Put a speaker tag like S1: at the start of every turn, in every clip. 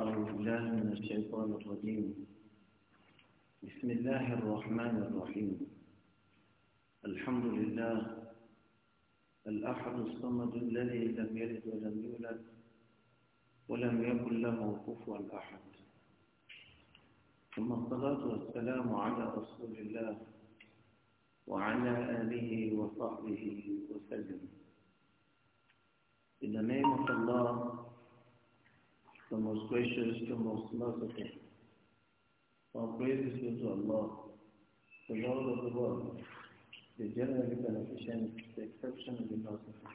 S1: أعوذ بالله من الشيطان الرجيم بسم الله الرحمن الرحيم الحمد لله الأحد الصمد الذي لم يلد ولم يولد ولم يكن له كفوا أحد ثم الصلاة والسلام على رسول الله وعلى آله وصحبه وسلم In the الله the most gracious, the most merciful. All praise due to Allah, the Lord of the world, the generally beneficent, the exceptionally merciful.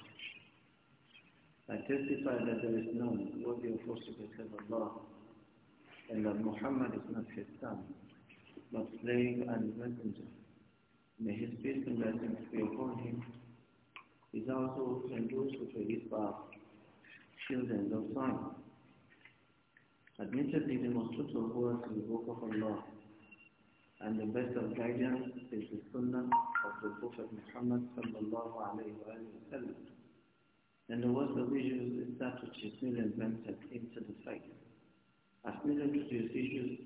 S1: I testify that there is none worthy of worship except Allah, and that Muhammad is not his son, but slave and messenger. May his peace and blessings be upon him, his household and those who take his path, children of time. Admitted in the most truthful words in the book of Allah, and the best of guidance is the sunnah of the Prophet Muhammad sallallahu alayhi wa sallam. And the worst of issues is that which is newly invented into the faith. As newly introduced issues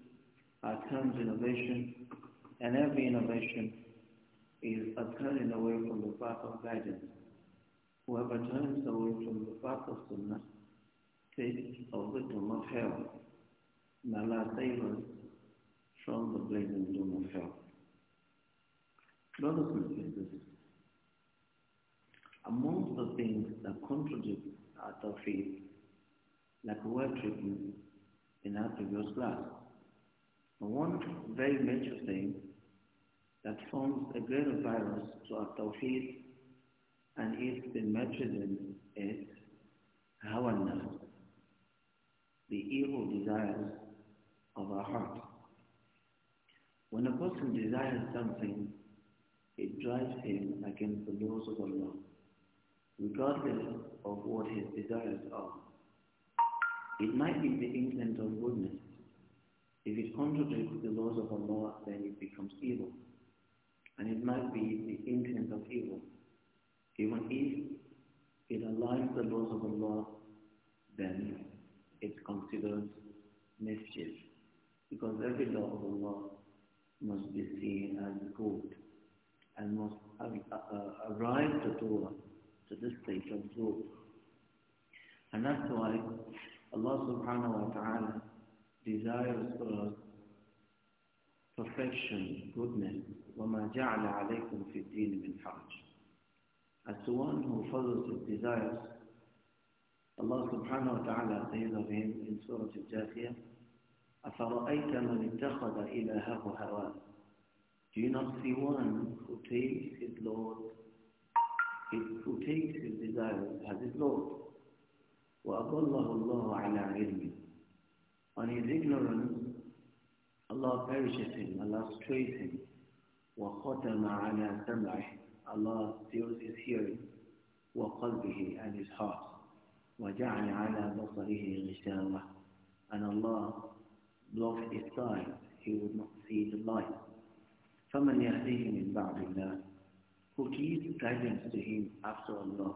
S1: are termed innovation, and every innovation is a turning away from the path of guidance. Whoever turns away from the path of sunnah state of the doom of hell. May save us from the blazing doom of hell. Brothers and sisters, among the things that contradict our tawfiq, like we were treating in our previous class, one very major thing that forms a greater virus to our tawfiq and is the metrism is hawa nafs, the evil desires of our heart. When a person desires something, it drives him against the laws of Allah, regardless of what his desires are. It might be the intent of goodness. If it contradicts the laws of Allah, then it becomes evil. And it might be the intent of evil. Even if it aligns the laws of Allah, then it's considered mischief because every law of Allah must be seen as good and must uh, arrive to Torah to this state of truth, And that's why Allah subhanahu wa ta'ala desires for us perfection, goodness. وَمَا جَعْلَ عَلَيْكُمْ فِي الدِّينِ مِنْ حَرْجٍ As the one who follows his desires, الله سبحانه وتعالى سيد بهم من سورة الجاثية أفرأيت من اتخذ إلهه هواه Do you not see one who takes his Lord, who takes his desires as his Lord? وأضله الله على علمه On his ignorance, Allah perishes him, Allah strays him. وختم على سمعه Allah seals his hearing وقلبه and his heart وجعل على بصره غشاوة and Allah blocked his sight he would not see the light فمن يهديه من بعد الله who gives guidance to him after Allah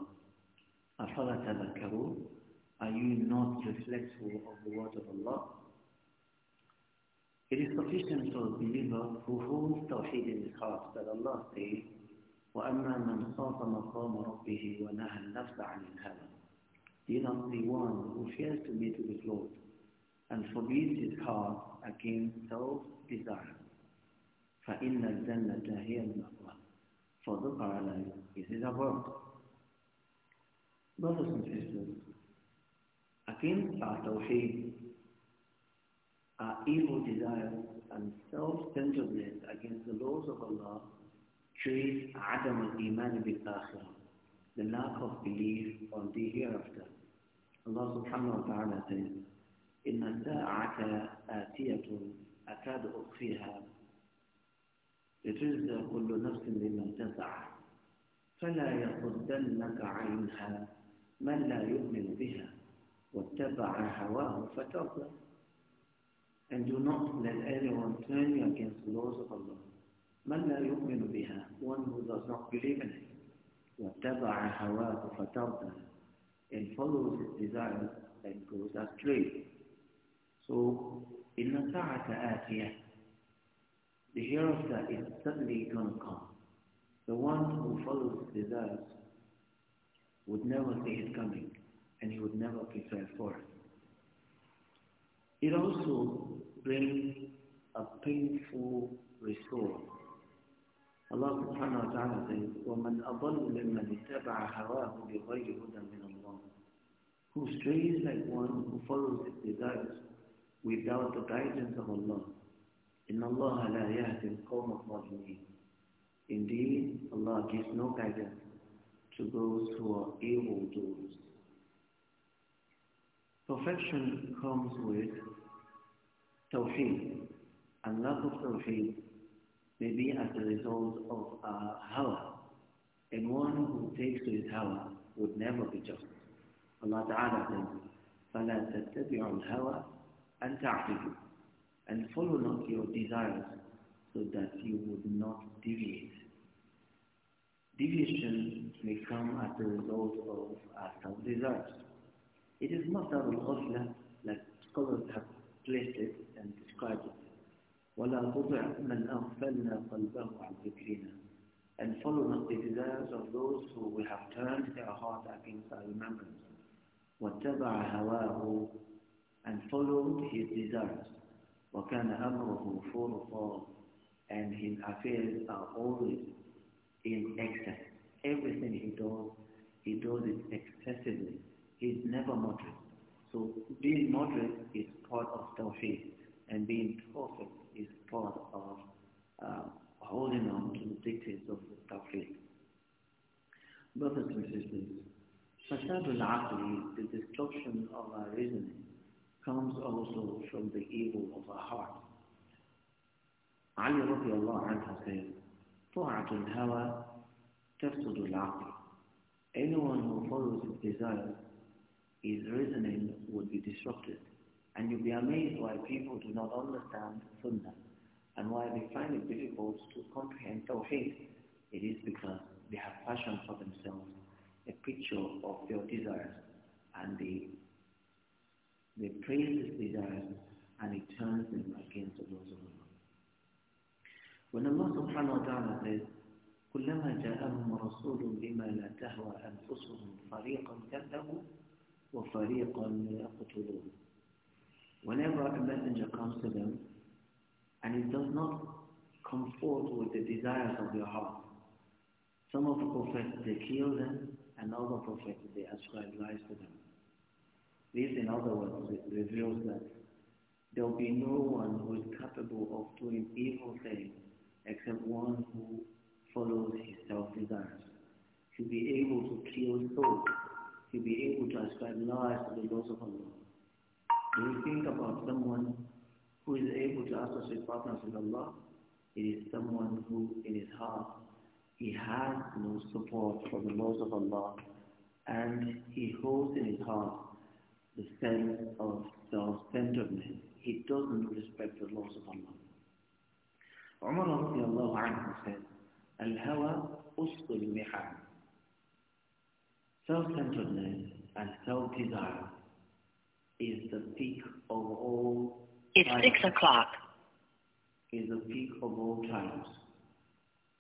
S1: أفلا تذكرون are you not reflectful of the word of Allah It is sufficient for a believer who holds Tawheed in his heart that Allah says, وَأَمَّا مَنْ خَافَ مَقَامَ رَبِّهِ وَنَهَى النَّفْسَ عَنِ الْهَوَى He is the one who fears to meet with Lord and forbids his heart against self-desire. فَإِنَّ الْجَنَّةَ هِيَ الْمَأْوَى For the paradise is his abode. Brothers and sisters, against our tawheed our evil desires and self-centeredness against the laws of Allah creates adam al-iman bil-akhirah, the lack of belief on the hereafter. الله سبحانه وتعالى says إن الساعة آتية أكاد أخفيها لتجزى كل نفس بما تسعى فلا يصدنك عنها من لا يؤمن بها واتبع هواه فتضل And do not let anyone turn you against the laws of Allah. من لا يؤمن بها, one who does not believe in it. واتبع هواه فتضل and follows his desires and goes astray. So, in the Sa'ata the hereafter is suddenly going to come. The one who follows his desires would never see his coming and he would never prepare for it. It also brings a painful restore. Allah subhanahu wa ta'ala says, وَمَنْ أَضَلُّ مِمَّنِ اتَّبَعَ هَوَاهُ بِغَيْرِ هُدًى مِنَ who strays like one who follows his desires without the guidance of Allah. إِنَّ Allah لَا يَهْدِي الْقَوْمَ الظَّالِمِينَ Indeed, Allah gives no guidance to those who are evil-doers. Perfection comes with tawheed, and lack of tawheed may be as a result of a hawa, and one who takes to his hawa would never be just. Allah Ta'ala says, فَلَا تَتَّبِعُ الْهَوَىٰ أَن تَعْفِدُ And follow not your desires so that you would not deviate. Deviation may come as a result of our self-desires. It is masdar al-ghafla, that scholars have placed it and described it. وَلَا تُطِعْ مَنْ أَغْفَلْنَا قَلْبَهُ عَنْ ذِكْرِنَا And follow not the desires of those who we have turned their heart against our remembrance. واتبع هواه and followed his desires وكان أمره فرطا and his affairs are always in excess everything he does he does it excessively he is never moderate so being moderate is part of tawfiq and being perfect is part of uh, holding on to the dictates of the tawfiq brothers and sisters Fasadul Aqli, the destruction of our reasoning, comes also from the evil of our heart. Ali radiallahu anhu says, Ta'atul hawa tafsadul aql. Anyone who follows his desire, his reasoning would be disrupted. And you'll be amazed why people do not understand Sunnah and why they find it difficult to comprehend Tawheed. It is because they have passion for themselves a picture of your desires and the they praise his desires and he turns them against those of Allah. When Allah subhanahu wa ta'ala says, كلما جاءهم رسول بما لا تهوى أنفسهم فريقا كذبوا وفريقا يقتلون Whenever a messenger comes to them and it does not come forth with the desires of their heart, some of the prophets, they kill them and all the prophets they ascribe lies to them. This, in other words, reveals that there will be no one who is capable of doing evil things except one who follows his self-desires. He'll be able to kill soul. He'll be able to ascribe lies to the laws of Allah. When you think about someone who is able to associate partners with Allah, it is someone who in his heart he has no support from the laws of Allah and he holds in his heart the sense of self-centeredness. He doesn't respect the laws of Allah. Umar radiallahu anhu said, Al-hawa usqul Self-centeredness and self-desire is the peak of all It's six o'clock. Is the peak of all times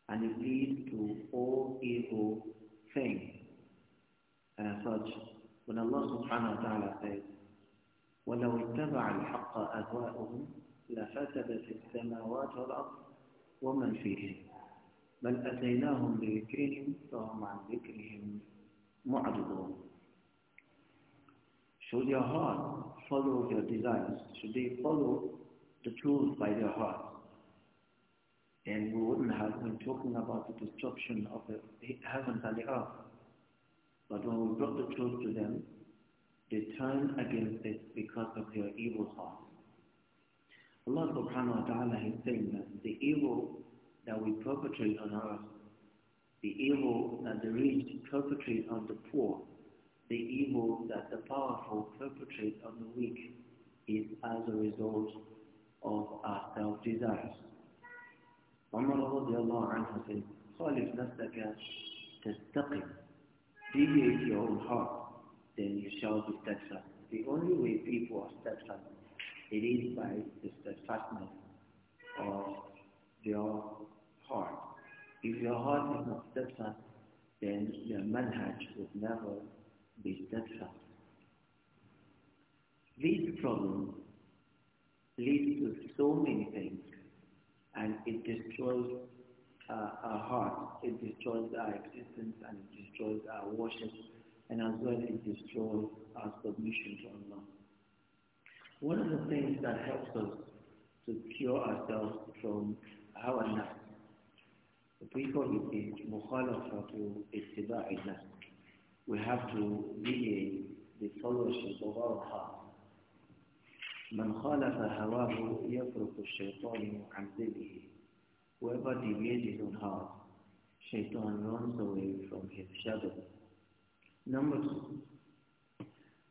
S1: and it leads to all evil things. And as such, when Allah subhanahu wa ta'ala says, وَلَوْ اتَّبَعَ الْحَقَّ أَهْوَاءُهُمْ لَفَسَدَتِ السَّمَاوَاتُ وَالْأَرْضُ وَمَنْ فِيهِمْ بَلْ أَتَيْنَاهُمْ بِذِكْرِهِمْ فَهُمْ عَنْ ذِكْرِهِمْ مُعْرِضُونَ Should your heart follow your desires? Should they follow the truth by their hearts? and we wouldn't have been talking about the destruction of the heavens and the earth. But when we brought the truth to them, they turned against it because of their evil hearts. Allah subhanahu wa ta'ala is saying that the evil that we perpetrate on earth, the evil that the rich perpetrate on the poor, the evil that the powerful perpetrate on the weak is as a result of our self-desires. Umar radiallahu anhu said, Khalif nafsaka tastaqim. Be here in your own heart, then you shall be steadfast. The only way people are steadfast, it is by the steadfastness of their heart. If your heart is not steadfast, then your manhaj will never be steadfast. These problems lead to so many things and it destroys uh, our heart. it destroys our existence, and it destroys our worship, and as well it destroys our submission to Allah. One of the things that helps us to cure ourselves from our nafs, the people is mukhalafatu ittiba'i nafs. We have to be the followership of our heart من خالف هواه يفرق الشيطان عن ذله Whoever deviates his own heart, Shaitan runs away from his shadow. Number two,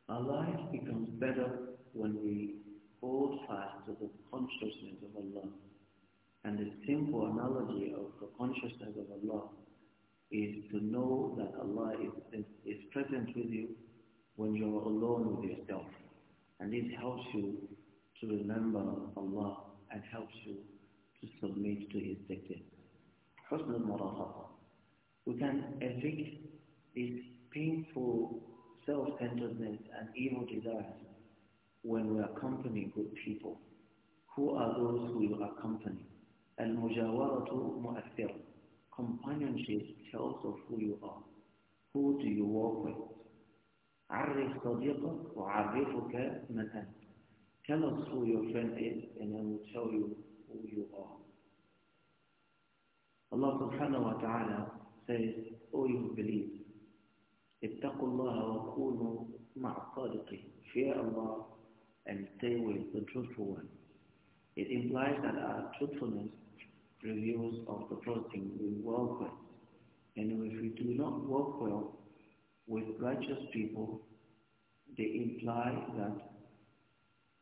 S1: our life becomes better when we hold fast to the consciousness of Allah. And the simple analogy of the consciousness of Allah is to know that Allah is, is, is present with you when you are alone with yourself. And this helps you to remember Allah and helps you to submit to His dictate. Husn al We can evict these painful self-centeredness and evil desires when we accompany good people. Who are those who you accompany? Al-Mujawaratu mu'athir. Companionship tells of who you are. Who do you walk with? عرف صديقك وعرفك من أنت Tell us who your friend is and I will Allah subhanahu wa ta'ala says, oh, you believe, اتقوا الله وكونوا مع الصادقين. Fear Allah and stay with the truthful one. It implies that our truthfulness reveals of the first we work with. And if we do not work well with righteous people, they imply that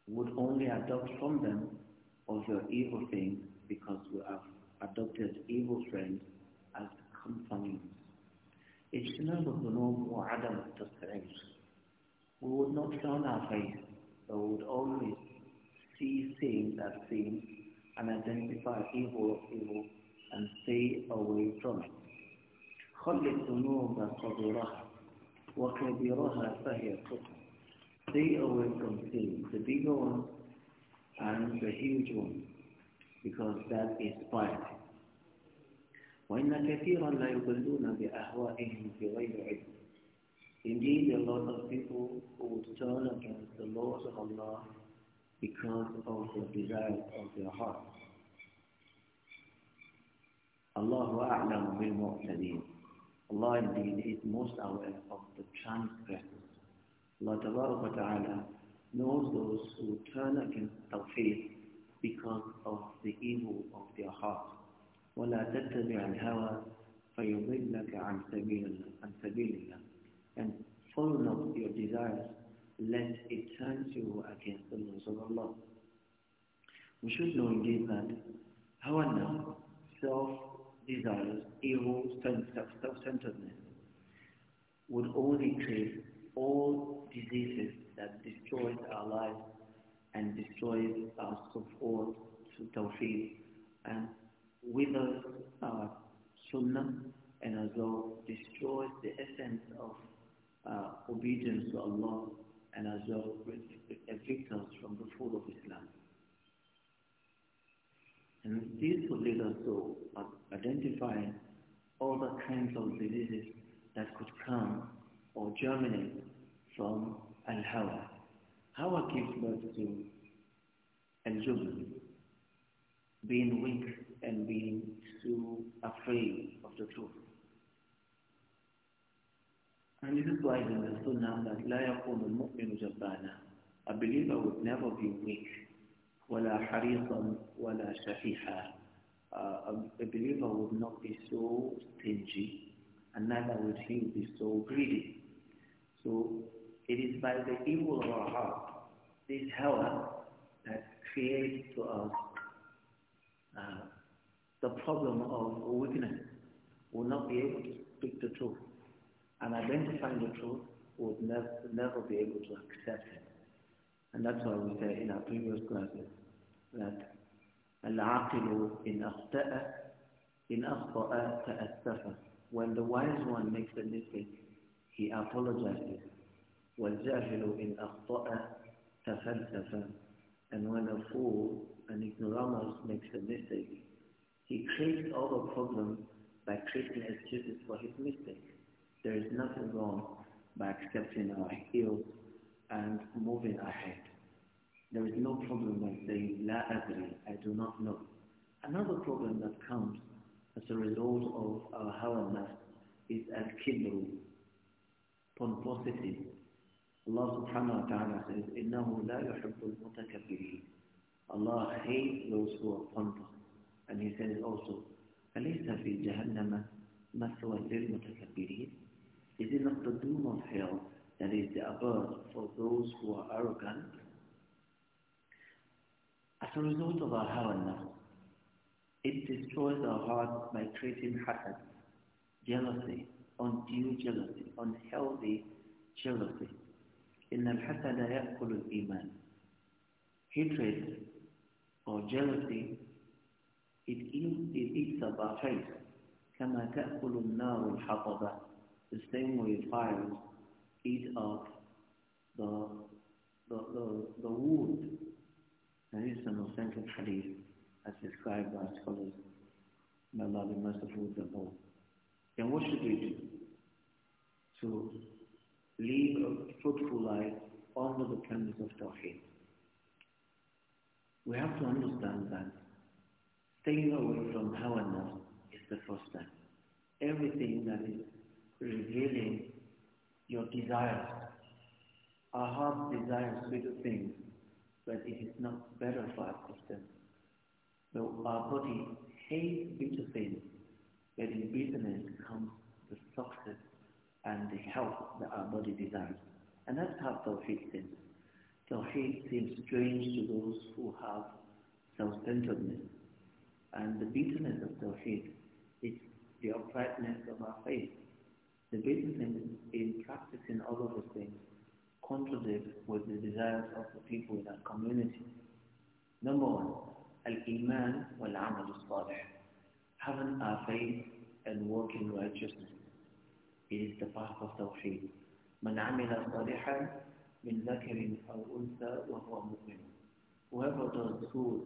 S1: would only adopt from them of your evil things because we have adopted evil friends as companions. اجتناب الذنوب وعدم التسريع. We would not turn our face, but we would always see things as things and identify evil as evil and stay away from it. خلق ذنوب صغيرها وكبيرها فهي قطع. They always contain the bigger one and the huge one because that is piety. وإن كثيرا لا يضلون بأهوائهم بغير علم. Indeed, a lot of people who turn against the laws of Allah because of the desires of their hearts. الله أعلم بالمعتدين Allah indeed is most aware of the transgressors. Allah Ta'ala knows those who turn against tawheed because of the evil of their heart. وَلَا تَتَّبِعَ الْهَوَى فَيُضِلَّكَ عَنْ سَبِيلِ اللَّهِ And follow not your desires, lest it turns you against the laws of Allah. We should know indeed that, however, self desires, ego, self-centeredness would only create all diseases that destroy our lives and destroy our support to Tawfiq and withers our uh, Sunnah and as well destroys the essence of uh, obedience to Allah and as well evicts us from the food of Islam. And this would lead us to identify other kinds of diseases that could come or germinate from al-hawa. Hawa gives birth to al-jubn, being weak and being too afraid of the truth. And this is why in the Sunnah that لا يكون المؤمن جبانا. A believer would never be weak ولا حريصا ولا شفيحا uh, a, believer would not be so stingy and neither would he be so greedy. So it is by the evil of our heart, this hell, that creates to us uh, the problem of weakness. Will not be able to speak the truth, and identifying the truth would never, never be able to accept it. And that's why we say in our previous classes, that العاقل إن أخطأ إن أخطأ تأسف when the wise one makes a mistake he apologizes والجاهل إن أخطأ تفلسف and when a fool an ignoramus makes a mistake he creates all the problems by creating excuses for his mistake there is nothing wrong by accepting our ills and moving ahead there is no problem by saying, La adri, I do not know. Another problem that comes as a result of our hawa is al-kibru, pomposity. Allah subhanahu wa ta'ala says, إِنَّهُ لَا يُحِبُّ الْمُتَكَبِّرِينَ Allah hates those who are pompous. And he says also, fi jahannama maswa مَثْوَى لِلْمُتَكَبِّرِينَ Is it not the doom of hell that is the abode for those who are arrogant? As a result of our hawa it destroys our hearts by creating hatred, jealousy, undue jealousy, unhealthy jealousy. إن الحسد يأكل الإيمان. Hatred or jealousy, it eats, it eats up our faith. كما تأكل النار الحطب. The same way fires eat up the, the, the, the wood and is an authentic hadith as described by scholars. May Allah be merciful to them all. Then what should we do? To live a fruitful life under the premise of Tawheed. We have to understand that staying away from Hawa Nafs is the first step. Everything that is revealing your desires, our heart's desires, sweeter things, but it is not better for our system. So our body hates bitter things, but in bitterness comes the success and the health that our body desires. And that's how Tawheed seems. Tawheed seems strange to those who have self-centeredness. And the bitterness of Tawheed is the uprightness of our faith. The bitterness in practicing all of the things conducive with the desires of the people in our community. Number one, Al-Iman wal-Amal salih Having our faith and working righteousness. It is the path of Tawheed. من عمل صالحا من ذكر أو أنثى وهو مؤمن. Whoever does good,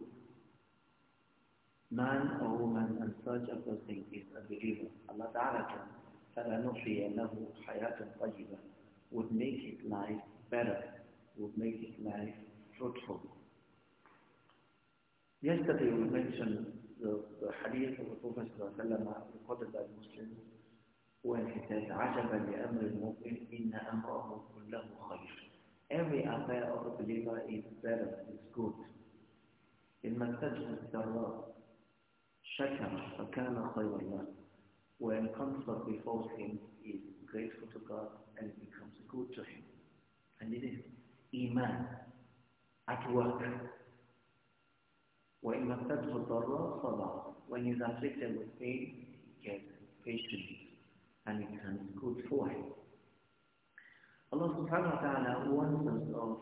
S1: man or woman, and such a person is a believer. Allah Ta'ala can فَلَنُحْيَ لَهُ حَيَاةً طَيِّبَةً would make his life better, would make his life fruitful. Yesterday we mentioned the, the hadith of the Prophet recorded by Muslim when he said, عَجَبًا لِأَمْرِ الْمُؤْمِنِ إِنَّ أَمْرَهُ كُلَّهُ خَيْرٌ Every affair of a believer is better, is good. إِنْ مَسَّجْهُ السَّرَّى شَكَرَ فَكَانَ خَيْرًا When comfort befalls him, he is grateful to God and he good to him. And this is Iman at work. وَإِمَا تَدْفُ الضَّرَّ صَبَرَ When he's afflicted with pain, he gets patient and it turns good for him. Allah subhanahu wa ta'ala warns us of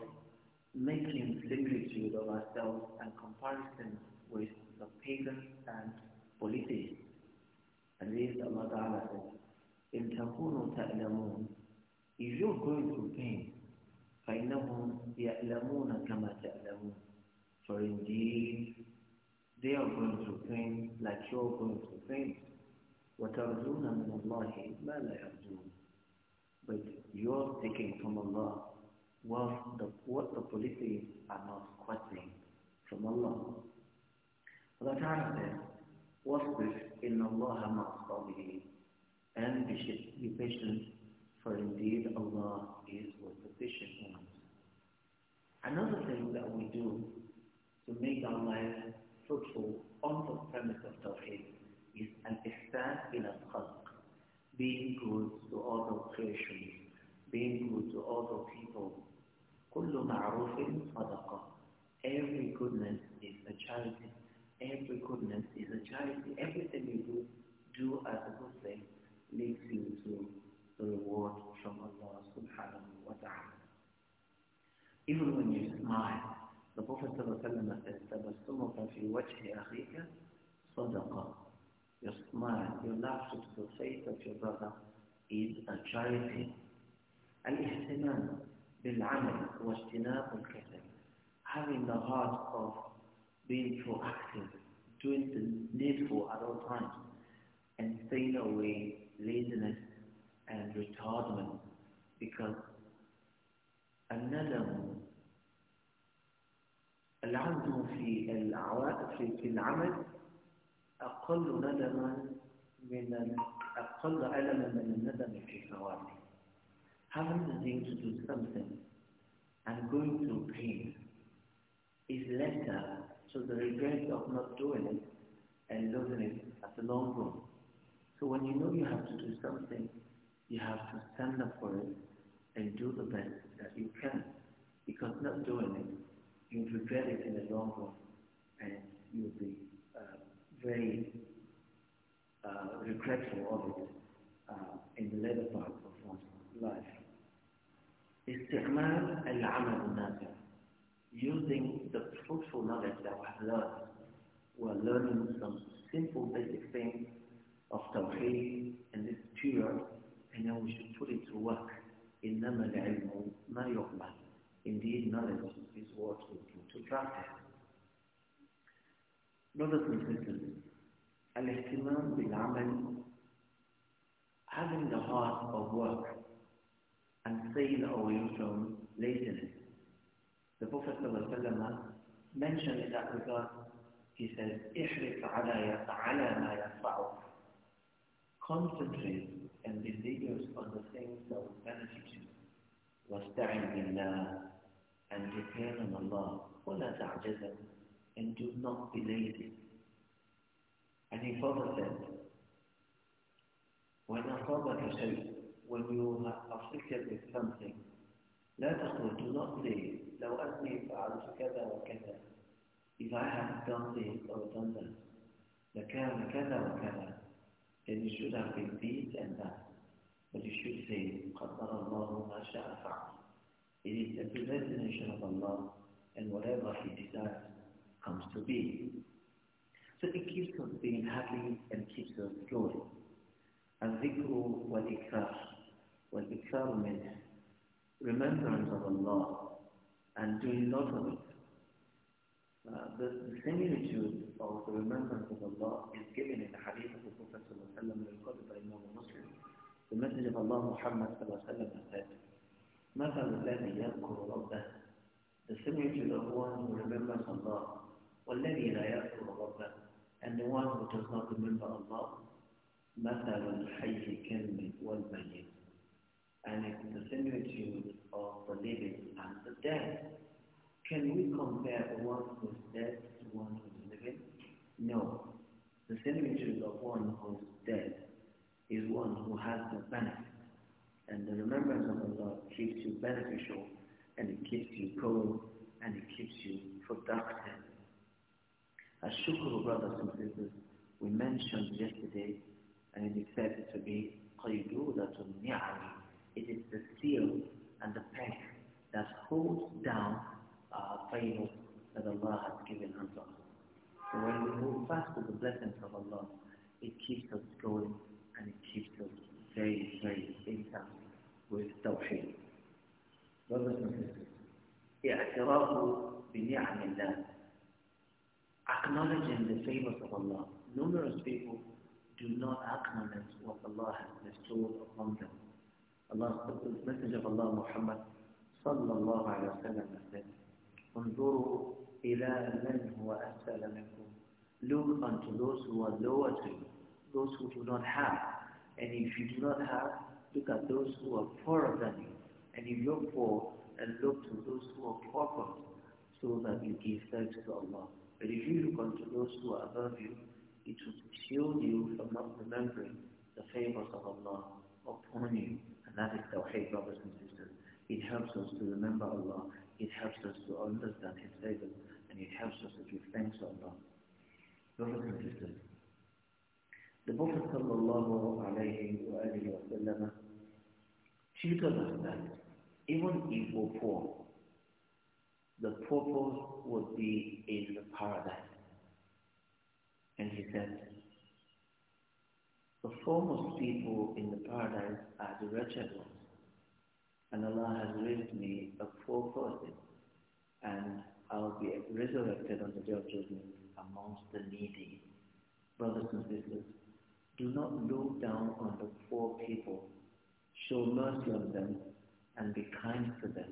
S1: making similitude of ourselves and comparison with the pagans and polytheists. And this Allah Ta'ala says, إِن تَكُونُوا تَأْلَمُونَ if you're going to pain, فَإِنَّهُمْ يَأْلَمُونَ كَمَا تَأْلَمُونَ For indeed, they are going to pain like you're going to pain. وَتَرْجُونَ مِنَ اللَّهِ مَا لَا يَرْجُونَ But you're taking from Allah what the, what the police are not questioning from Allah. Allah Ta'ala says, وَاصْبِرْ إِنَّ اللَّهَ and be And be patient for indeed Allah is with the patient ones. Another thing that we do to make our life fruitful on the premise of Tawheed is an ihsan in al being good to other creations, being good to other people. كل معروف صدقة. Every goodness is a charity. Every goodness is a charity. Everything you do, do as a good thing, leads you to the reward from Allah subhanahu wa ta'ala. Even when you smile, the Prophet said, تَبَسُّمُكَ فِي وَجْهِ أَخِيكَ صَدَقَةً Your smile, your laughter to the face of your brother is a charity. الاهتمام بالعمل واجتناب الكسل Having the heart of being proactive, doing the needful at all times, and staying away laziness and retardment because الندم العزم في العوائد في العمل أقل ندما من أقل ألما من الندم في ثوابه Having the need to do something and going through pain is lesser to the regret of not doing it and losing it at the long run. So when you know you have to do something you have to stand up for it and do the best that you can. Because not doing it, you'll regret it in the long run and you'll be uh, very uh, regretful of it uh, in the later part of one's life. استعمال العمل النافع using the fruitful knowledge that we have learned. We're learning some simple basic things of Tawheed and this pure and then we should put it to work. إِنَّمَا الْعِلْمُ مَا يُعْمَلُ Indeed, knowledge is what we put to practice. Brothers and sisters, الاهتمام بالعمل having the heart of work and staying away from laziness. The Prophet ﷺ mentioned in that regard, he says, احرص على على ما ينفعك. Concentrate and desires on the things of will benefit you. وَاسْتَعِنْ بِاللَّهِ And depend on Allah. وَلَا تَعْجَزَ And do not be lazy. And he further said, when أَصَابَكَ شَيْء When you are afflicted with something, لا تقول do not say, لو أني فعلت كذا وكذا If I had done this or done that, لكان كذا وكذا and you should have been this and that. But you should say, قَدَّرَ اللَّهُ مَا شَاءَ It is the predestination of Allah, and whatever He desires comes to be. So it keeps us being happy and keeps us going. الذكر والإكثار we من remembrance of Allah and doing lots of it. Uh, the, the, similitude of the remembrance of Allah is given in the hadith of the Prophet Rasulullah Muhammad sallam said, مَثَلُ الَّذِي يَذْكُرُ رَبَّهُ The similitude of one who remembers Allah, وَالَّذِي لَا يَذْكُرُ رَبَّهُ And the one who does not remember Allah, مَثَلُ الْحَيِّ وَالْمَيِّتِ And it's the similitude of the living and the dead. Can we compare the one who is dead to one who is living? No. The similitude of one who is dead is one who has the benefit and the remembrance of Allah keeps you beneficial and it keeps you going and it keeps you productive. As shukr, brothers and sisters, we mentioned yesterday and it is said to be qaydulatun It is the seal and the peg that holds down our favors that Allah has given unto us. So when we hold fast to the blessings of Allah, it keeps us going and it keeps us شيء شيء انسان والتوحيد برضه اعترافه بنعم الله acknowledging the favors of Allah numerous people do not acknowledge what Allah has bestowed upon them Allah the message of Allah Muhammad صلى الله عليه وسلم said انظروا إلى من هو أسفل منكم look unto those who are lower to you those who do not have And if you do not have, look at those who are poorer than you. And if you're poor, and look to those who are poorer, so that you give thanks to Allah. But if you look unto those who are above you, it will shield you from not remembering the favors of Allah upon you. And that is Tawheed, brothers and sisters. It helps us to remember Allah. It helps us to understand His favors. And it helps us to give thanks to Allah. Brothers and sisters, the Prophet sallallahu alayhi wa alayhi wa sallam treated us that even if we're poor, the purpose would be in the paradise. And he said, the foremost people in the paradise are the wretched ones. And Allah has raised me a poor person, and I'll be resurrected on the day of judgment amongst the needy. Brothers and sisters, do not look down on the poor people. Show mercy on them and be kind to them.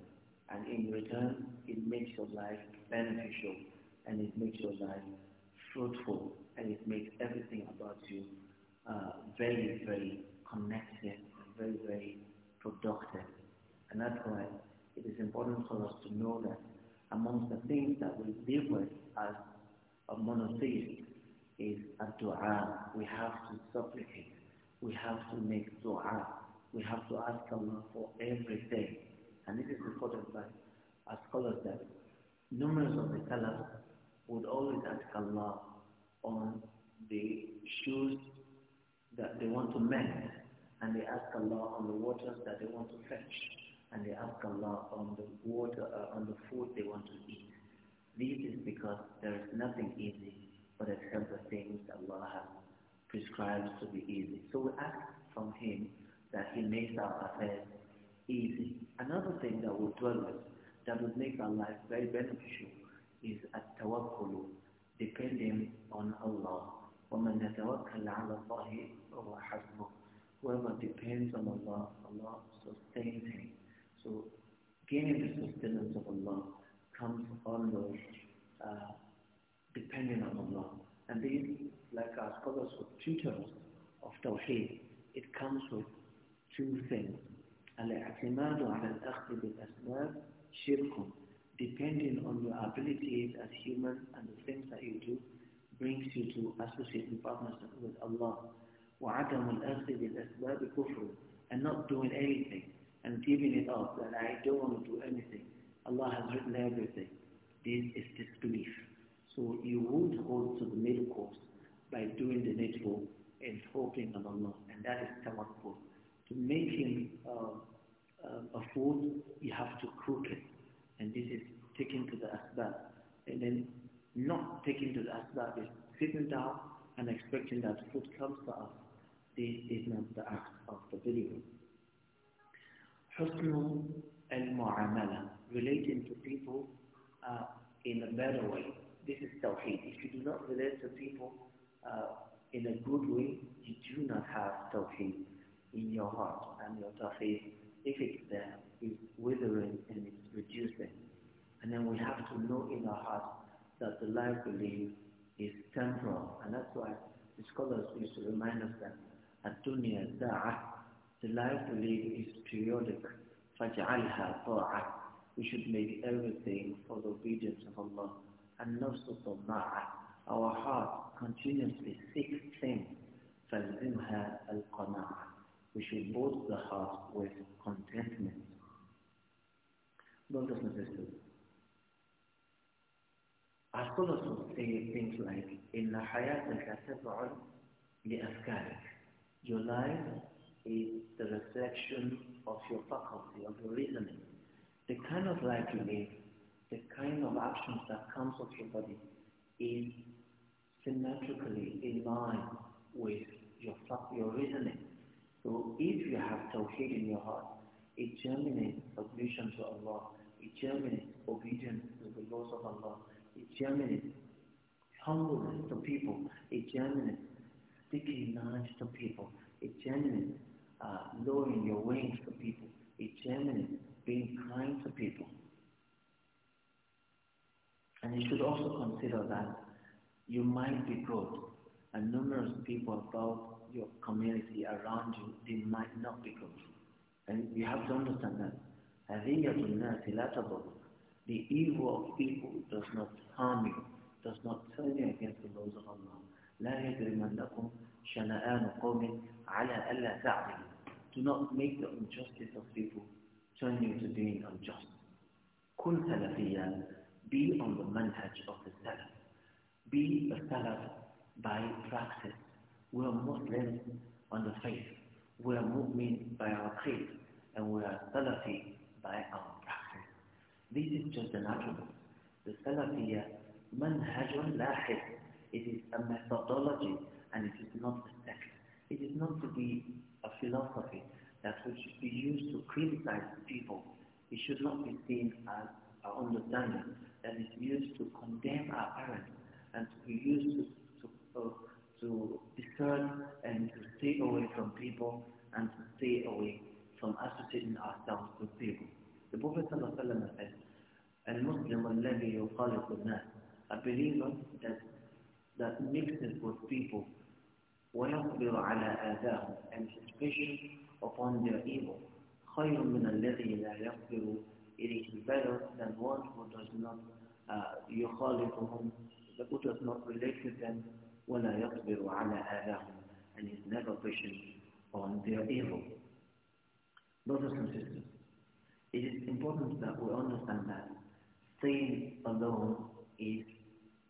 S1: And in return, it makes your life beneficial and it makes your life fruitful and it makes everything about you uh, very, very connected and very, very productive. And that's why it is important for us to know that amongst the things that we live with as a monotheist is a dua. We have to supplicate. We have to make dua. We have to ask Allah for everything. And this is reported by our scholars that numerous of the Salaf would always ask Allah on the shoes that they want to mend. And they ask Allah on the waters that they want to fetch. And they ask Allah on the water, uh, on the food they want to eat. This is because there is nothing easy but in terms of things Allah has prescribed to be easy. So we ask from Him that He makes our affairs easy. Another thing that we'll dwell with that will make our life very beneficial is at-tawakkul, depending on Allah. وَمَنْ يَتَوَكَّلْ عَلَى اللَّهِ فَهُوَ حَسْبُهُ Whoever depends on Allah, Allah sustains him. So gaining the sustenance of Allah comes always uh, dependent on Allah. And these, like our scholars or tutors of Tawheed, it comes with two things. الاعتماد على الأخذ بالأسباب شرك depending on your abilities as human and the things that you do brings you to associate and partners with Allah. وعدم الأخذ بالأسباب كفر and not doing anything and giving it up that I don't want to do anything. Allah has written everything. This is disbelief. So you would hold to the middle course by doing the needful and hoping on Allah, and that is tawakkul. To make him uh, uh a food, you have to cook it, and this is taken to the asbab. And then not taking to the asbab is sitting down and expecting that food comes to us. This is not the act of the believer. Husnul al-mu'amala, relating to people uh, in a better way. This is tawheed. If you do not relate to people uh, in a good way, you do not have tawheed in your heart. And your tawheed, if it's there, is withering and it's reducing. And then we have to know in our heart that the life we live is temporal. And that's why the scholars used to remind us that الدنيا ساعة the life we live is periodic. فَجْعَلْهَا طَاعَةً We should make everything for the obedience of Allah and nafsu tamma'ah. Our heart continuously seeks things. فَالْزِمْهَا الْقَنَاعَةِ We should boost the heart with contentment. Brothers and sisters, as scholars would say things like, إِنَّ حَيَاتَكَ تَبْعٌ لِأَفْكَارِكَ Your life is the reflection of your faculty, of your reasoning. The kind of life you live the kind of actions that comes of your body is symmetrically in line with your your reasoning. So if you have tawheed in your heart, it germinates submission to Allah, it germinates obedience to the laws of Allah, it germinates humbleness to people, it germinates sticking knives to people, it germinates uh, lowering your wings to people, it germinates being kind to people. And you should also consider that you might be good and numerous people about your community around you, they might not be good. And you have to understand that. you The evil of people does not harm you, does not turn you against the laws of Allah. لا يجرمنكم شنآن قوم على ألا تعدلوا Do not make the injustice of people turn you to being unjust. كن سلفيا be on the manhaj of the Salaf. Be a Salaf by practice. We are Muslims on the faith. We are Mu'min by our creed. And we are Salafi by our practice. This is just an attribute. The Salafiyya manhajun lahid. It is a methodology and it is not a sect. It is not to be a philosophy that which should be used to criticize people. It should not be seen as our understanding, and is used to condemn our parents and to be used to, to, uh, to discern and to stay away from people and to stay away from associating ourselves with people. The Prophet ﷺ says, Al-Muslim al-Nabi yuqalif al-Nas, a believer that, that mixes with people, وَيَصْبِرُ عَلَىٰ آذَاهُمْ and suspicion upon their evil. خَيْرٌ مِنَ الَّذِي لَا يقبل." it is better than one who does not يخالطهم uh, who does not relate with them ولا I and is never patient on their evil. Brothers and sisters, it is important that we understand that sin alone is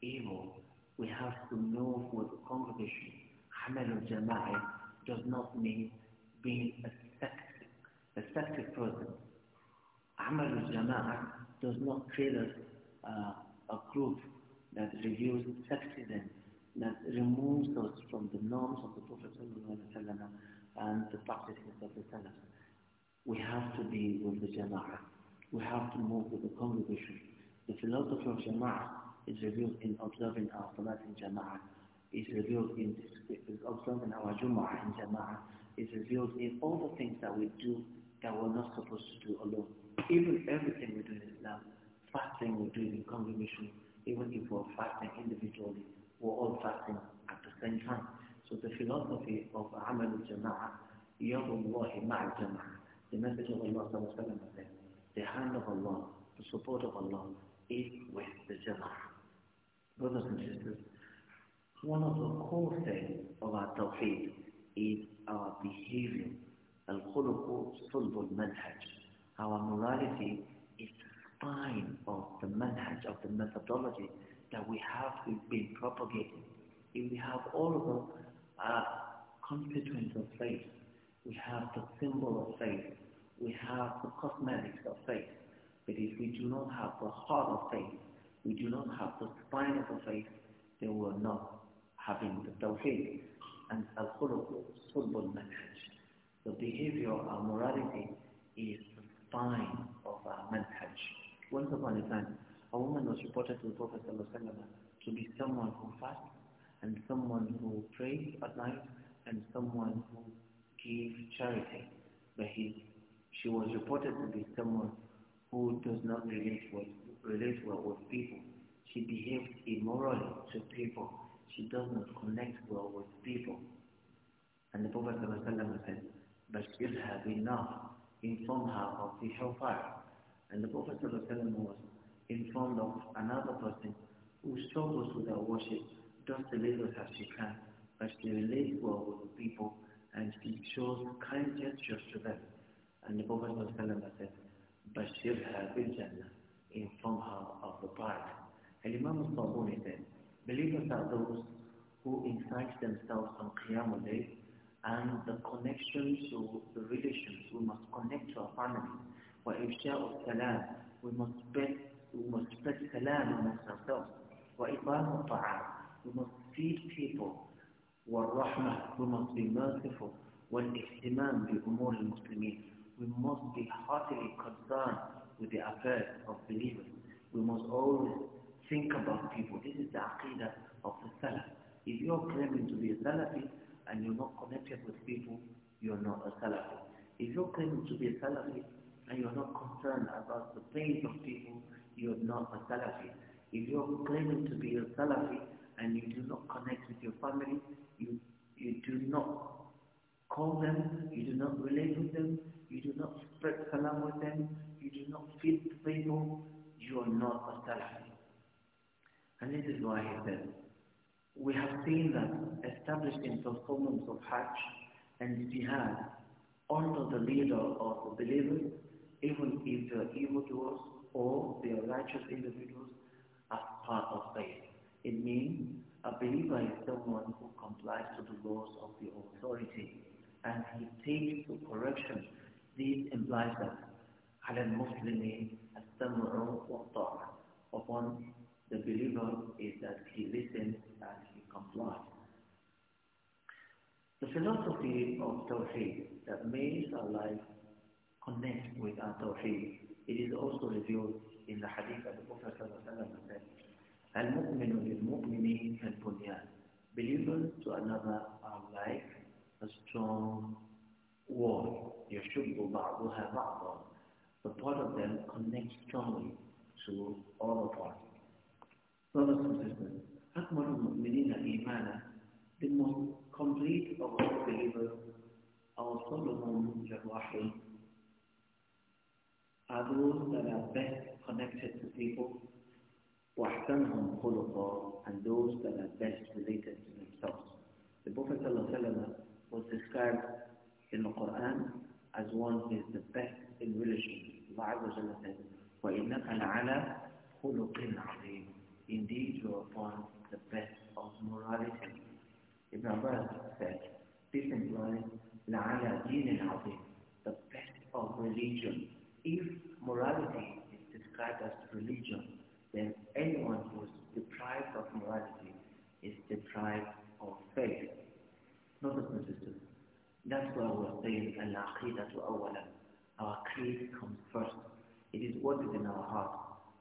S1: evil. We have to know what the congregation, Hamal al does not mean being a sect, a sect person Amal al-Jama'ah does not create us uh, a group that reveals sexism, that removes us from the norms of the Prophet ﷺ and the practices of the Salaf. We have to be with the Jama'ah. We have to move with the congregation. The philosophy of Jama'ah is revealed in observing our Salat in Jama'ah, is revealed in observing our Jum'ah in Jama'ah, is revealed in all the things that we do that we're not supposed to do alone. Even everything we do in Islam, fasting we do in congregation, even if we're fasting individually, we're all fasting at the same time. So the philosophy of Amal al-Jama'ah, Jama'ah, the message of Allah Sallallahu said, the hand of Allah, the support of Allah is with the Jama'ah. Brothers and sisters, one of the core things of our tawheed is our behavior Al-khuluqu sulbul Our morality is the spine of the manhaj, of the methodology that we have been propagating. If we have all of the uh, constituents of faith, we have the symbol of faith, we have the cosmetics of faith, but if we do not have the heart of faith, we do not have the spine of the faith, then we are not having the tawhid And al-khuluqu sulbul manhaj the behavior, our morality is the spine of our manhaj. Once upon a time, a woman was reported to the Prophet to be someone who fasts and someone who prays at night and someone who gives charity. But he, she was reported to be someone who does not relate well, relate well with people. She behaves immorally to people. She does not connect well with people. And the Prophet said, but her enough. inform her of the hellfire. And the Prophet was informed of another person who struggles with her worship, does the little as she can, but she relates well with the people and she shows kind gestures to them. And the Prophet said, Bashirha bil Jannah, inform her of the paradise. And Imam al said, believers are those who incite themselves on Qiyamul Day and the connection to the relations. We must connect to our family. وإفشاء السلام we must spread we must spread salam amongst ourselves. وإطعام الطعام we must feed people. والرحمة we must be merciful. والاهتمام بأمور المسلمين we must be heartily concerned with the affairs of believers. We must always think about people. This is the aqidah of the Salaf. If you're claiming to be a Salafi, and you're not connected with people, you're not a Salafi. If you're claiming to be a Salafi and you're not concerned about the pain of people, you're not a Salafi. If you're claiming to be a Salafi and you do not connect with your family, you, you do not call them, you do not relate with them, you do not spread salam with them, you do not feed the people, you are not a Salafi. And this is why he said. We have seen that establishing performance of Hajj and Jihad under the leader of the believers, even if they are evildoers or they are righteous individuals, as part of faith. It means a believer is someone who complies to the laws of the authority and he takes to correction. This implies that على المسلم السمع of upon the believer is that he listens and he complies. The philosophy of Tawheed that makes our life connect with our Tawheed, it is also revealed in the hadith of the Prophet said, Al-Mu'minu lil-Mu'mini kal-Bunyan. Believers to another are like a strong wall. يَشُبُّ بَعْضُهَا بَعْضًا. The part of them connects strongly to all of us. Brothers and sisters, أكمل المؤمنين إيمانا the most complete of all believers أوصلهم للرحيم are those that are best connected to people وأحسنهم خلقا and those that are best related to themselves The Prophet ﷺ was described in the Quran as one who is the best in relations. Allah Azza wa Jalla says, وَإِنَّكَ لَعَلَى خُلُقٍ عَظِيمٍ Indeed, you are upon the best of morality. Ibn Abbas said, this implies لَعَلَى دِينٍ عَظِيمٍ The best of religion. If morality is described as religion, then anyone who is deprived of morality is deprived of faith. Brothers and sisters, that's why we're saying al-aqidatu awalan. Our creed comes first. It is what is in our heart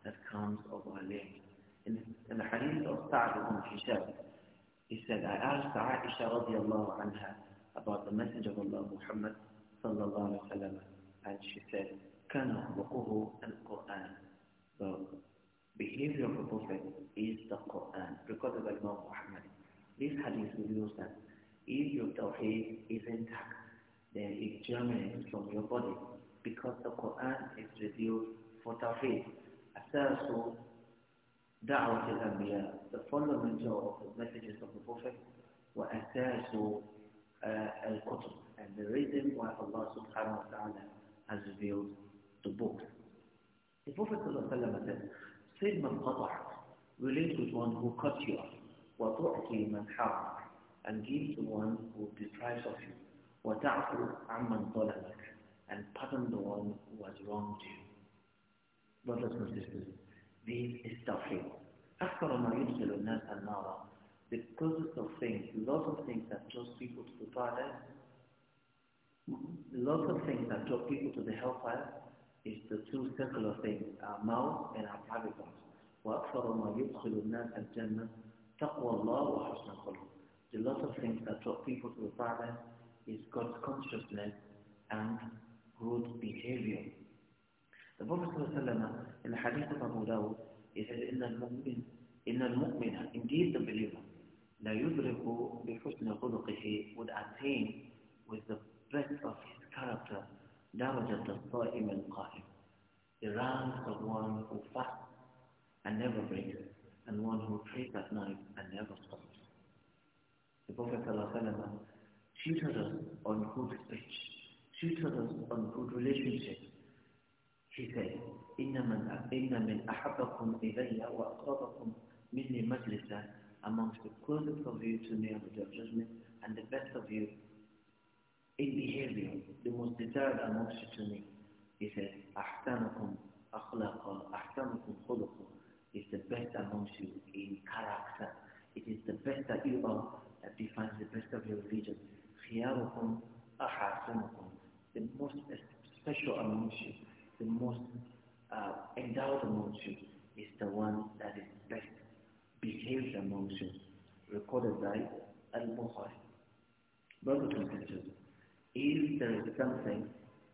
S1: that comes of our limbs in, in the hadith of Sa'd ibn Hisham, he said, I asked Aisha radiallahu anha about the message of Allah Muhammad sallallahu alayhi wa sallam, and she said, كَانَ خُلُقُهُ الْقُرْآنِ The behavior of the Prophet is the Quran, because of Imam Muhammad. This hadith reveals that if your tawheed is intact, then it germinates from your body, because the Quran is revealed for tawheed. أساسه دعوة الأنبياء the fundamental of the messages of the Prophet وأساس الكتب uh, and the reason why Allah subhanahu wa ta'ala has revealed the book. The Prophet ﷺ said, Sid man relate with one who cut you off, وَتُعْطِي مَنْ حَرَمَكَ and give the one who deprives of you, what عَمَّنْ ظَلَمَكَ and pardon the one who has wronged you. Brothers and sisters, بالتوحيد أكثر ما يدخل الناس النار the closest of things, lots of things that draw people to the fire, lots of things that draw people to the hellfire is the two circular things, our mouth and our private parts. وأكثر ما يدخل الناس الجنة تقوى الله وحسن الخلق. The lot of things that draw people to the fire is God's consciousness and good behavior. النبي صلى الله عليه وسلم إن حديث أبو داود يقول إن المؤمن إن المؤمن indeed the believer لا يدرك بحسن خلقه would attain with the breadth of his character درجة الصائم القائم the rank of one who fasts and never breaks and one who prays at night and never stops. The Prophet صلى الله ﷺ tutored us on good speech, tutored us on good relationships, حكاية إن من إن من أحبكم إلي وأقربكم مني مجلسا amongst the closest of you to me on the day of judgment and the best of you in behavior, the most desired amongst you to me. He says, أحسنكم أخلاقا أحسنكم خلقا is the best amongst you in character. It is the best that you are that defines the best of your religion. خياركم أحسنكم the most special amongst you the most uh, endowed amongst you is the one that is best behaved among you. Recorded by Al-Bukhari. Brothers and sisters, if there is something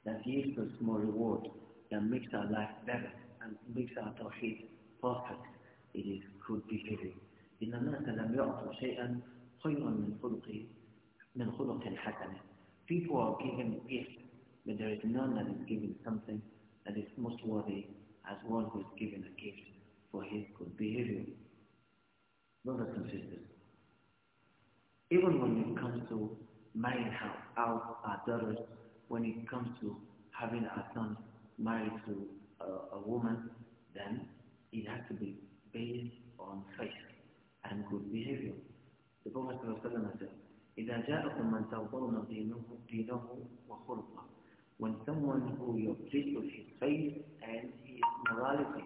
S1: that gives us more reward, that makes our life better, and makes our tawheed perfect, it is good behavior. إن الناس لم يعطوا شيئا خيرا من خلق من خلق حسنة. People are given gifts, but there is none that is given something that is most worthy as one who is given a gift for his good behavior. Brothers and sisters, even when it comes to marrying out our daughters, when it comes to having our sons married to a, a woman, then it has to be based on faith and good behavior. The Prophet ﷺ said, إذا جاءكم من ترضون دينه وخلقه when someone who you pleased with his faith and his morality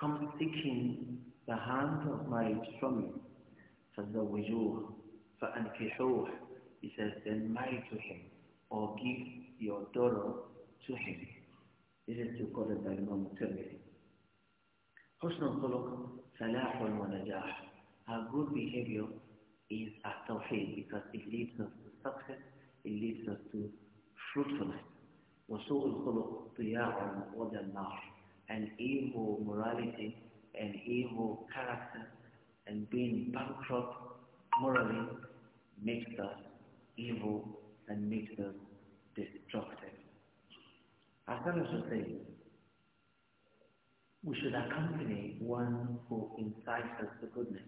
S1: comes seeking the hand of marriage from you, فَزَوِّجُوهُ فَأَنْكِحُوهُ He says, then marry to him or give your daughter to him. This is it by Imam Tirmidhi. حسن الخلق فلاح ونجاح. Our good behavior is a tawheed because it leads us to success, it leads us to fruitfulness. وَسُوءُ الْخُلُقُ ضِيَاعٌ وَدَنَّارٌ And evil morality and evil character and being bankrupt morally makes us evil and makes us destructive. As I was saying, we should accompany one who incites us to goodness,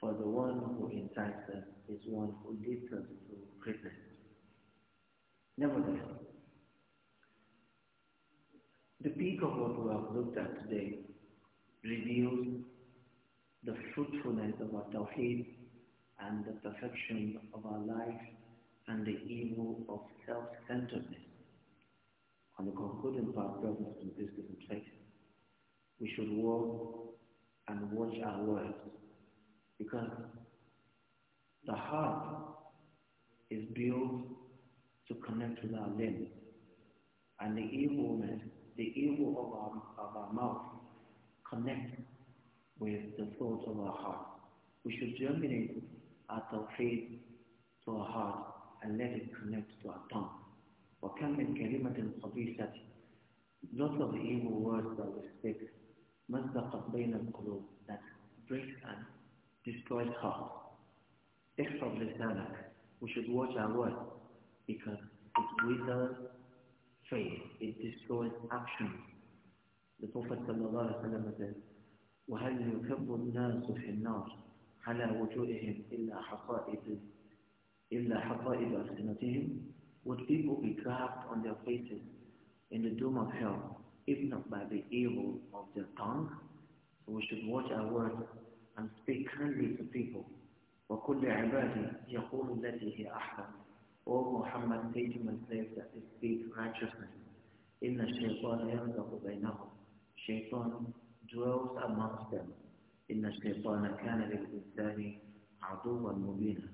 S1: for the one who incites us is one who leads us to greatness. Nevertheless, the peak of what we have looked at today reveals the fruitfulness of our tawheed and the perfection of our life and the evil of self-centeredness. On the concluding part, brothers and sisters in faith, we should walk and watch our words because the heart is built to connect with our limbs. And the evilness, the evil of our, of our mouth connect with the thoughts of our heart. We should germinate our faith to our heart and let it connect to our tongue. وَكَمْ مِنْ كَلِمَةٍ خَبِيثَةٍ Lots of evil words that we speak مَزَّقَتْ بَيْنَ الْقُلُوبِ that breaks and destroys heart. the لسانك. We should watch our words because it withers faith, it destroys action. The Prophet ﷺ says, وَهَلْ يُكَبُّ النَّاسُ فِي النَّارِ عَلَى وُجُوهِهِمْ إِلَّا حَصَائِدِ إِلَّا حَصَائِدَ أَلْسِنَتِهِمْ Would people be trapped on their faces in the doom of hell, if not by the evil of their tongue? So we should watch our words and speak kindly to people. وَكُلِّ عِبَادِي يَقُولُ الَّتِي هِي أَحْسَنُ O Muhammad, say to my slaves that they speak righteousness. Inna shaitan yanzahu bainahum. Shaitan dwells amongst them. Inna shaitana kana lil insani aduwan mubina.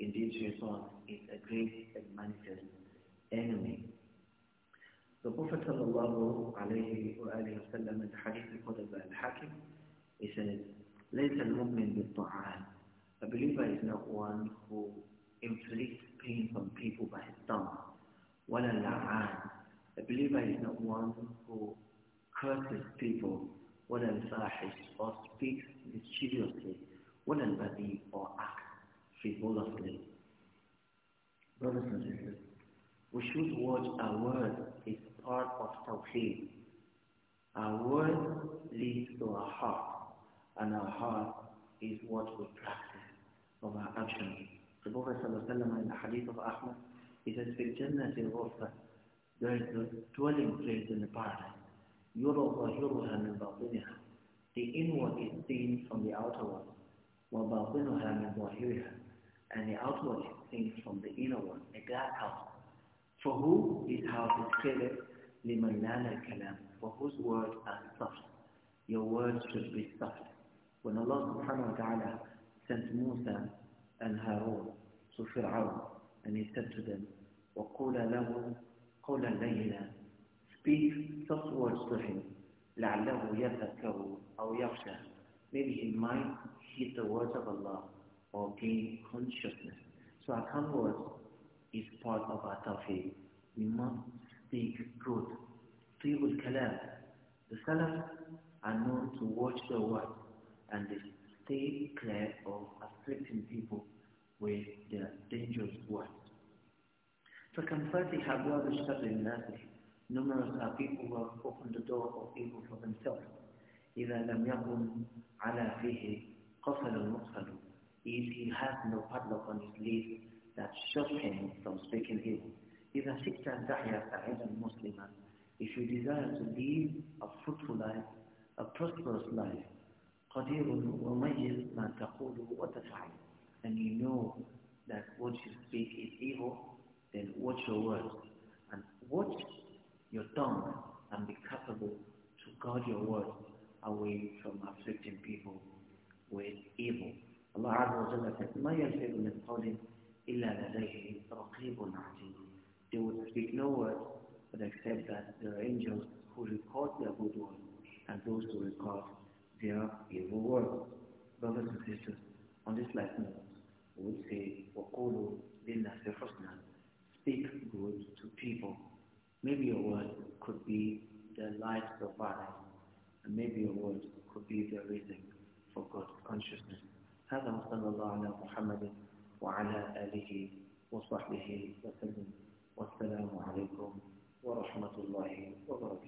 S1: Indeed, shaitan is a great and manifest enemy. The Prophet sallallahu alayhi wa alayhi wa sallam in the hadith recorded by Al-Hakim, he says, لَيْسَ الْمُؤْمِنْ بِالطَّعَانِ A believer is not one who inflicts believer is not one who curses people, whether الْفَاحِشِ or speaks mischievously, وَلَا الْبَذِي or acts frivolously. Brothers and sisters, we should watch our word is part of Tawheed. Our word leads to our heart, and our heart is what we practice from our actions. The Prophet ﷺ in the hadith of Ahmad, he says, فِي الْجَنَّةِ غُرْفَةً there is a dwelling place in the paradise. يُرَظَهِرُهَا مِنْ بَاطِنِهَا The inward is seen from the outer one. وَبَاطِنُهَا مِنْ ظَاهِرِهَا And the outward is seen from the inner one, a glass house. For who this house is created? لِمَنْ لَانَ For whose words are soft. Your words should be soft. When Allah subhanahu wa ta'ala sent Musa and Harun to Fir'aun, and he said to them, وَقُولَ لَهُ قولا لينا Speak soft words to him لعله يذكر أو يخشى Maybe he might heed the words of Allah or gain consciousness. So our calm is part of our tawfiq. We must speak good. Tibul kalam. The salaf are known to watch their words and they stay clear of afflicting people with their dangerous words. فَكَمْ have وَابَ الشَّرِّ نَاسِهِ Numerous are people who have opened the door of evil for themselves. إِذَا لَمْ يَقُمْ عَلَى فِيهِ قَفَلٌ مُقْفَلٌ If he has no padlock on his lips that shuts him from speaking evil. إِذَا شِكْتَ أَنْ تَحْيَا سَعِيدًا مُسْلِمًا If you desire to live a fruitful life, a prosperous life, قدير وميز ما تقول وتفعل and you know that what you speak is evil then watch your words and watch your tongue and be capable to guard your words away from afflicting people with evil. Allah Azza wa Jalla says, مَا يَلْفِقُ مِنْ قَوْلٍ إِلَّا لَدَيْهِ رَقِيبٌ عَتِيدٌ They would speak no word but except that there are angels who record their good words and those who record their evil words. Brothers and sisters, on this last note, we would say, وَقُولُوا لِلَّهِ حُسْنًا speak good to people. Maybe your word could be the light of others, and maybe your word could be the reason for God's consciousness. هذا وصلى الله على محمد وعلى آله وصحبه وسلم والسلام عليكم ورحمة الله وبركاته